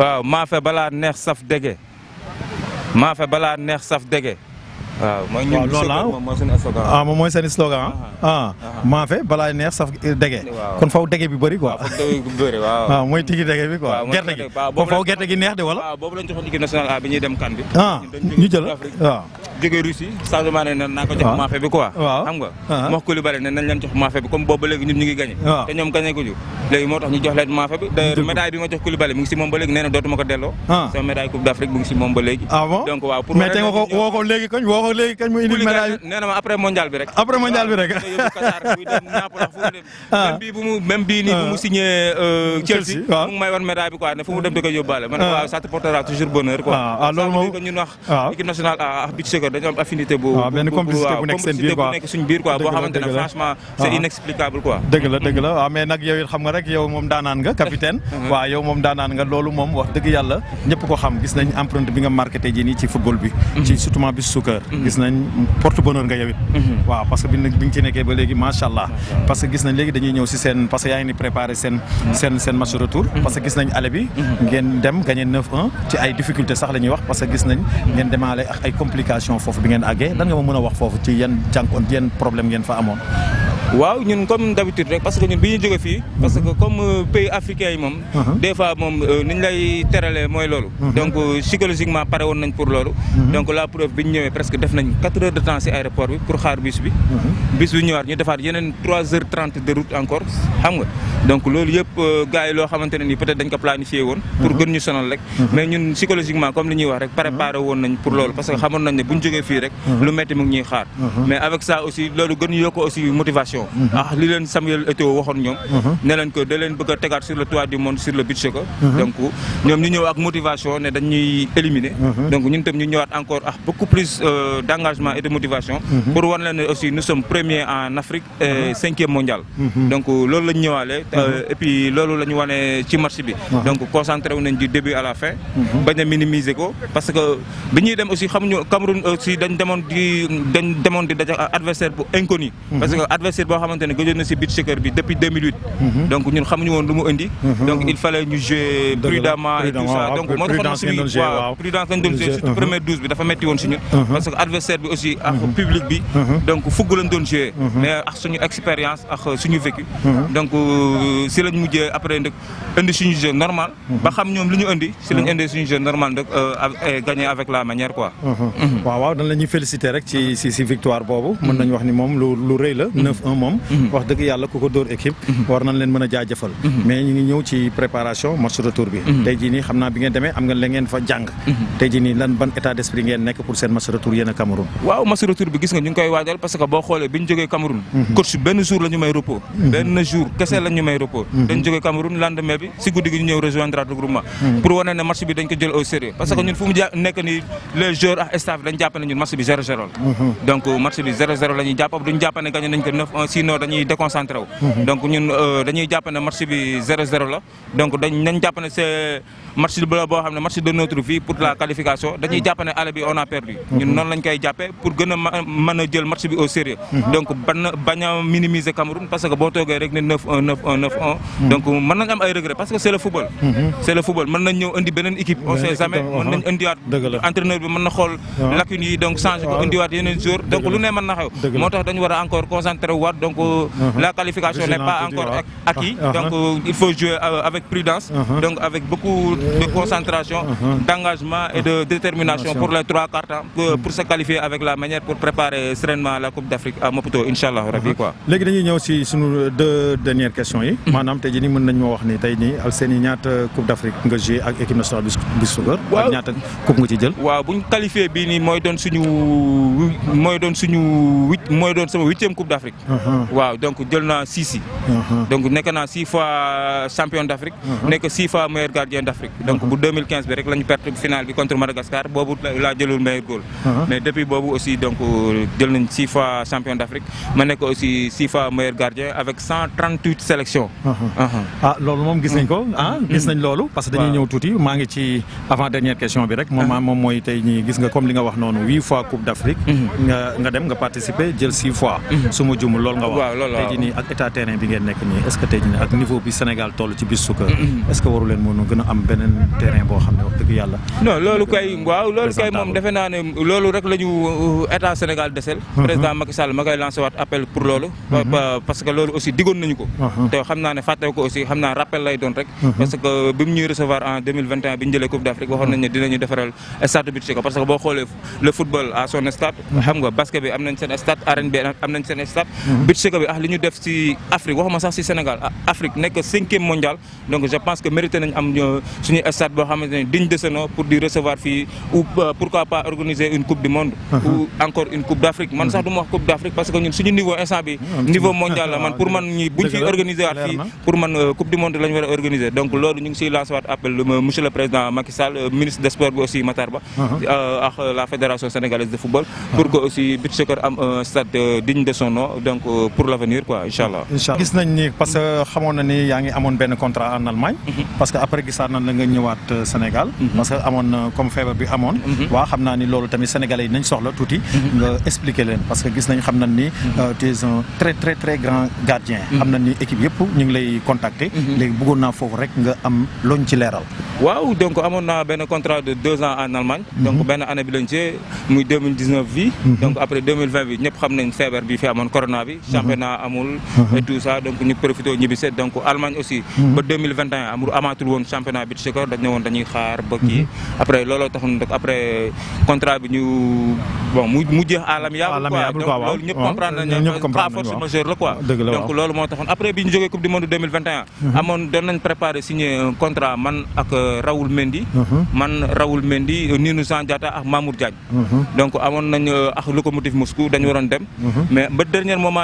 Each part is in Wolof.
waaw maafe balaa neex saf dege maafe balaa neex saf dege. waaw mooy ñun ah. ah, moom mooy seen slogan ah. maafe balaa neex saf dege. kon faw dege bi bëri quoi. waaw ah, mooy tigi dege bi quoi. gerte gi gi neex de wala. waaw boobu lañ joxoon équipe nationale A bi ñuy dem kan bi. ah ñu jël waaw. jóge Russie changement ne naa ko jox maafe bi quoi. waaw xam nga. wax Koulibaly ne nañ leen jox maafe bi comme boobu léegi ñun ñu ngi gagné. te ñoom gagné ko léegi moo ni ñu jox leen maafe bi d'ailleurs médaille bi ma jox Koulibaly mu ngi si moom ba léegi nee na dootuma ko delloo sama médaille coupe d'Afrique mu ngi si moom ba léegi ah bon donc waaw pour mais tey ko woo ko ko mu indi médaille ma après mondial bi rek après mondial bi rek même bu mu même bu mu signé eh, Chelsea mu may médaille bi quoi ne fu mu dem da koy man waaw ça te portera toujours bonheur quoi ah loolu mo ko wax équipe nationale ah beach soccer dañu am affinité bu waaw benn complicité bu nekk seen biir quoi franchement c'est inexplicable quoi la la mais yow xam nga rek yow moom daanaan nga uh-huh. moom daanaan nga loolu moom wax dëgg yàlla ñëpp ko xam gis nañ empreinte bi nga marqué tey jii nii ci football bi uh-huh. ci surtout bi soccer uh-huh. gis nañ porte bonheur nga yowit waaw parce que bi bi nga ci nekkee ba léegi macha allah parce que gis nañ léegi dañuy ñëw si seen parce que yaa ngi ni préparé seen seen seen match retour gis nañ ale bi ngeen dem gagné 9-1 ci ay difficulté sax la ñuy wax parce que gis nañ ngeen demaale ak ay complication foofu bi ngeen àggee lan a wax foofu ci yan jànkoon yan problème ngeen fa amoon waaw ñun comme d'habitude rek parce que ñun sommes ñu ici, parce que comme euh, pays africain yi moom uh-huh. des fois moom euh, ni ñu lay teralee mooy loolu uh-huh. donc euh, psychologiquement pare woon nañ pour loolu uh-huh. donc la preuve bi ñu presque def nañ 4 heures de temps si aéroport bi pour xaar bis bi bis bi ñëwaat ñu defaat yeneen 3h30 de route encore xam nga donc loolu yëpp gars yi loo xamante peut-être dañ ko planifié pour gën ñu sonal rek mais ñun psychologiquement comme li ñuy wax rek préparé nañ pour loolu parce que xamoon nañ ne bu ñu jógee rek lu métti mu ñuy xaar mais avec ça aussi nous gën ñu yokk aussi motivation ñëw mhm. ah, li au Samuel était waxoon ñoom mhm. ne que da leen bëgg sur le toit du monde sur le budget mhm. donc nous ñu une motivation et nous ñuy éliminer donc nous tam encore ah, beaucoup plus euh, d'engagement et de motivation pour wan leen aussi nous sommes premiers en Afrique et cinquième mondial donc nous avons euh, et puis loolu la ñu wane ci bi donc concentré du début à la fin bañ minimiser ko parce que nous ñuy aussi Cameroun aussi dañ demoon di inconnu parce que adversaire boo xamante ne gëjoon na si beach soccer bi depuis 2008. Mhm. donc ñun xamuñu woon lu mu indi. Mhm. donc il fallait ñu jouer prudemment et tout ça donc moo taxoon suñu waaw prudence lañ doon jouer surtout première douze bi dafa metti won ci ñun. Mhm. parce que adversaire bi aussi ak public bi. donc fugg lañ doon jouer. mais ak suñu expérience ak suñu vécu. donc euh, si lañ mujjé après nag indi suñu jeu normal. ba xam ñom li ñu indi si lañ indee suñu jeu normal nag euh, gagné avec la manière quoi. waaw waaw dañ la ñuy féliciter rek ci ci victoire bobu mën nañ wax ni mom lu lu rëy la 9-1. 1 moom mhm. wax dëgg yàlla ku ko dóor équipe mhm. war nañ leen mën a jaajëfal mhm. mais ñu ngi ñëw ci préparation match retour bi tey jii nii xam naa bi ngeen demee am nga la fa jàng tey jii nii lan ban état d'esprit ngeen nekk pour seen match retour yéen a waaw match retour bi gis nga ñu ngi koy waajal parce que boo xoolee bi ñu jógee Cameroun coach benn jour la may repos benn jour kese la may repos dañ jógee Cameroun lendemain bi si guddi gi ñu ñëw rejoindre sino dañuy déconcentré wu mhm. donc ñun euh, dañuy japp né marché bi 0-0 la donc dañ Japan jàpp ne c'est match bi bo xamné marché de notre vie pour la qualification dañuy japp né aller bi on a perdu mhm. ñun non lañ koy jappé pour gëna mëna jël marché bi au sérieux mhm. donc baña minimiser Cameroun parce que bo togué rek né 9-1 9-1 9-1 donc mën nañ am ay regret parce que c'est le football c'est le football mën nañ ñëw indi benen équipe on sait jamais mën nañ uh-huh. wat entraîneur bi mën na xool uh-huh. lacune yi donc changer ko wat yeneen jour donc lu né mën na xew motax dañ wara encore concentré wu Donc euh, uh-huh. la qualification n'est pas encore acquise. Donc uh-huh. euh, il faut jouer euh, avec prudence, uh-huh. donc avec beaucoup de concentration, d'engagement et de détermination pour les trois quarts mm-hmm. pour se qualifier avec la manière pour préparer sereinement la Coupe d'Afrique à Maputo inshallah rabbi quoi. Les dañuy ñëw si deux dernières questions yi. tu as dit que mën nañu ma wax ni Coupe d'Afrique nga joué avec équipe nationale bu soccer. waaw ak coupe nga ci jël. waaw bu ñu qualifié huit sama huitième Coupe d'Afrique. waaw donc jël naa six yi uh-huh. donc nek na 6 fois champion d'Afrique uh-huh. nek 6 fois meilleur gardien d'Afrique donc bu 2015 bi rek lañu perdre perte finale bi contre Madagascar bobu la jëlul meilleur goal uh-huh. mais depuis bobu aussi donc euh, jël nañ fois champion d'Afrique ma nek aussi 6 fois meilleur gardien avec 138 sélections ah lolu mom gis nañ ko mm. ah mm. gis nañ lolu parce que dañuy ñëw tuuti ma ngi ci avant dernière question bi rek mom ah. mom moy tay ñi gis nga comme li nga wax nonu 8 fois coupe d'Afrique mm-hmm. nga nga dem nga participer jël 6 fois mm-hmm. su jumu loolu waaw loolu ak état terrain bi ngeen nekk nii est ce que tey jii ak niveau bi Sénégal toll ci bis sukkar est ce que waru leen mën am beneen terrain boo xam ne wax dëgg yàlla non loolu kay moom defe naa loolu rek la euh, état Sénégal desel mm-hmm. président Macky Sall ma koy waat appel pour loolu mm-hmm. parce que loolu aussi digoon nañu ko mm-hmm. te xam naa ne ko aussi xam naa rappel lay doon rek parce que bi ñuy recevoir en 2021 bi ñu jëlee Bitseco bi ah nous l'Afrique, def ci Afrique waxuma sax ci Sénégal ah, Afrique 5 cinquième mondial donc je pense que mérite nañ am un euh, stade digne de ce nom pour recevoir fille ou euh, pourquoi pas organiser une coupe du monde. Ah, ah. ou encore une coupe d'Afrique Je ne sax pas coupe d'Afrique parce que nous sommes niveau instant niveau mondial pour man organiser buñ organisé organiser pour euh, coupe du monde là nous organiser donc nous ñu ngi ciy lancer appel monsieur le président Macky Sall ministre des sports Matarba aussi matarba à la fédération sénégalaise de football. pour que aussi ait am un stade digne de son nom donc pour l'avenir quoi incha allah. gis nañ ni parce que xamoon ni yaa ngi amoon benn contrat en Allemagne. Mhm. parce que après gisaat na nga ñëwaat euh, Sénégal. Mhm. parce que amone comme feebar bi amone mhm. wa xamna ni lolu tamit sénégalais yi nañ soxla touti nga expliquer leen parce que gis nañ xamna ni euh, tu es un très très très grand gardien. amna ni équipe yëpp ñu ngi lay contacter. léegi bëggoon naa foofu rek nga am loñ ci léral waaw donc amoon naa benn contrat de deux ans en Allemagne. donc benn année bi lañ ci muy 2019 bi. donc après 2020 bi ñëpp xam nañ feebar bi fi amoon corona bi. championnat amul et tout ça donc ñu profité ñibi set donc Allemagne aussi ba 2021 amul amatul won championnat bi soccer dañ ne woon dañuy xaar ba ki mhm. après lolo taxoon rek après contrat bi ñu bon mu mu jeex alam ya quoi donc loolu comprendre nañ pas force majeure la quoi donc loolu mo taxoon après bi ñu joggé coupe du monde 2021 amone don nañ préparer signé un contrat man ak Raoul Mendy mhm. man Raoul Mendy eh, Nino Sandiata ak Mamour Diagne mhm. donc amone nañ eh, ak locomotive Moscou dañ waron dem mais ba dernier moment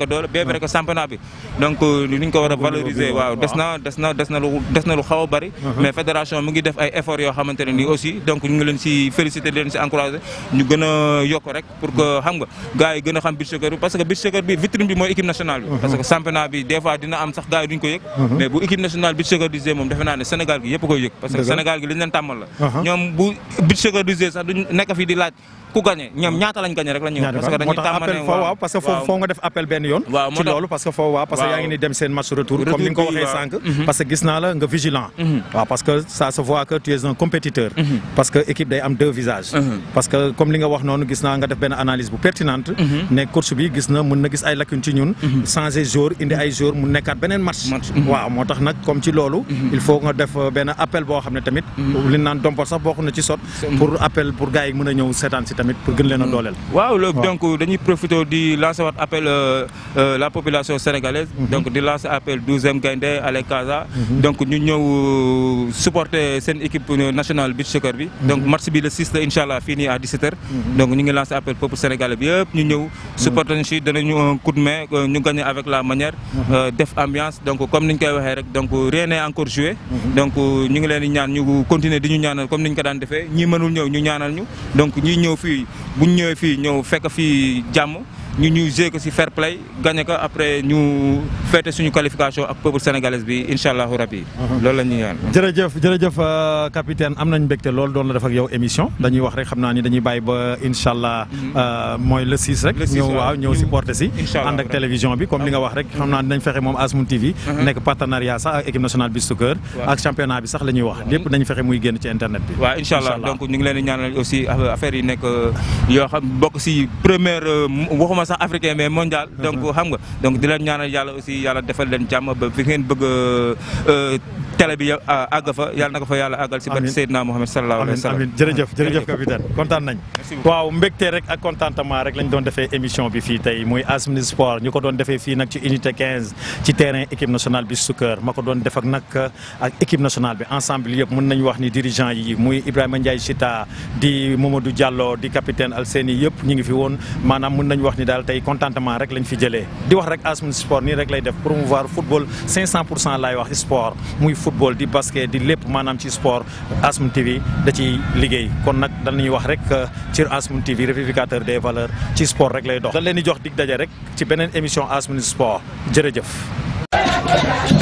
ko doole bien vrai que championnat bi donc ni euh, ñu ko war a valoriser waaw des na des na lu xaw a bëri uh-huh. mais fédération mu ngi def ay efforts yoo xamante nii aussi donc ñu ngi leen si féliciter leen si encourager ñu gën a yokk rek pour que xam nga gars gën a xam beach soccer parce que beach soccer bi vitrine bi mooy équipe nationale bi uh-huh. parce dina am sax gars duñ ko yëg uh-huh. mais bu équipe nationale beach soccer moom defe naa Sénégal gi yëpp koy yëg parce que Sénégal ku gagné ñoom ñaata lañ gagné rek la ñuy wax. parce que waaw parce que foo nga def appel benn yoon. ci loolu parce que foofu waaw mhm. parce que gis naa la nga vigilant. Mhm. Mhm. parce que comme li nga wax noonu gis naa nga def benn analyse bu pertinente. ne course bi gis na mën na gis ay lacunes ci ñun. changer jour indi ay jour mu nekkaat beneen match. waaw moo tax nag comme ci loolu. il faut nga def euh, benn appel boo xam ne tamit. li naan dompo sax bokk na ci sot pour appel tamit pour gën leen a waaw donc dañuy profité di lancer waat appel euh, euh, la population sénégalaise. Mhm. donc di lancer appel 12e Gaïndé à Casa. donc ñu ñëw euh, supporter sen équipe nationale beach soccer bi. Mhm. donc match bi le 6 la fini à 17h. Mhm. donc ñu ngi lancer appel peuple sénégalais bi yëpp ñu ñëw. supporter ñu un coup de main ñu gagner avec la manière. def ambiance donc comme niñ koy waxé rek donc rien n'est encore joué. donc ñu ngi leen ñaan ñu continuer di ñu ñaanal comme niñ ko daan Nous ñi mënul ñëw ñu ñaanal ñu donc ñi ñëw fii bu ñu ñëwee fii ñëw fekk fii jàmm ñu ñu joué ko si fair play gagné ko après ñu féete suñu qualification ak peuple sénégalaise bi incha allahu rabi. Uh-huh. loolu la ñuy ñaan. jërëjëf jërëjëf euh, capitaine am nañ mbégte loolu doon la def ak yow émission dañuy wax rek xam naa ni dañuy bàyyi ba incha allah mm. euh, le 6 rek. ñëw waaw ñëw supporter si. ànd ak télévision bi comme li nga wax rek xam naa dinañ fexe Asmoon TV. Uh-huh. nek partenariat sax ak équipe nationale bi soccer. ak championnat bi sax la ñuy wax lépp nañ fexe muy génn ci internet bi. waaw incha donc ñu ngi leen ñaanal aussi affaire yi nek euh, yo xam bokk si première waxuma waxuma sax africain mais mondial donc xam nga donc di leen ñaanal yalla aussi yalla defal len jamm ba fi ngeen bëgg euh télé bi àgg fa yàlla na ko fa yàlla àggal si barke Seydina Mohamed sallallahu alayhi wa jërëjëf jërëjëf capitaine kontaan nañ waaw mbégte rek ak contentement rek lañ doon defee émission bi fii tey muy As Mini Sport ñu ko doon defee fii nag ci unité ci terrain équipe nationale bi soccer ma ko doon def ak nag ak équipe nationale bi ensemble yëpp mën nañu wax ni dirigeant yi muy Ibrahima Ndiaye Chita di Mamadou Diallo di capitaine Alseni yëpp ñu ngi fi woon maanaam mën nañu wax ni daal tey contentement rek lañ fi jëlee di wax rek football di basket di lépp maanaam ci sport Asmoon TV da ciy liggéey kon nag danañuy wax rek ci Asmoon TV révivificateur des valeurs ci sport rek lay dox. dañ leen di jox dig daje rek ci beneen émission Asmoon sport jërëjëf.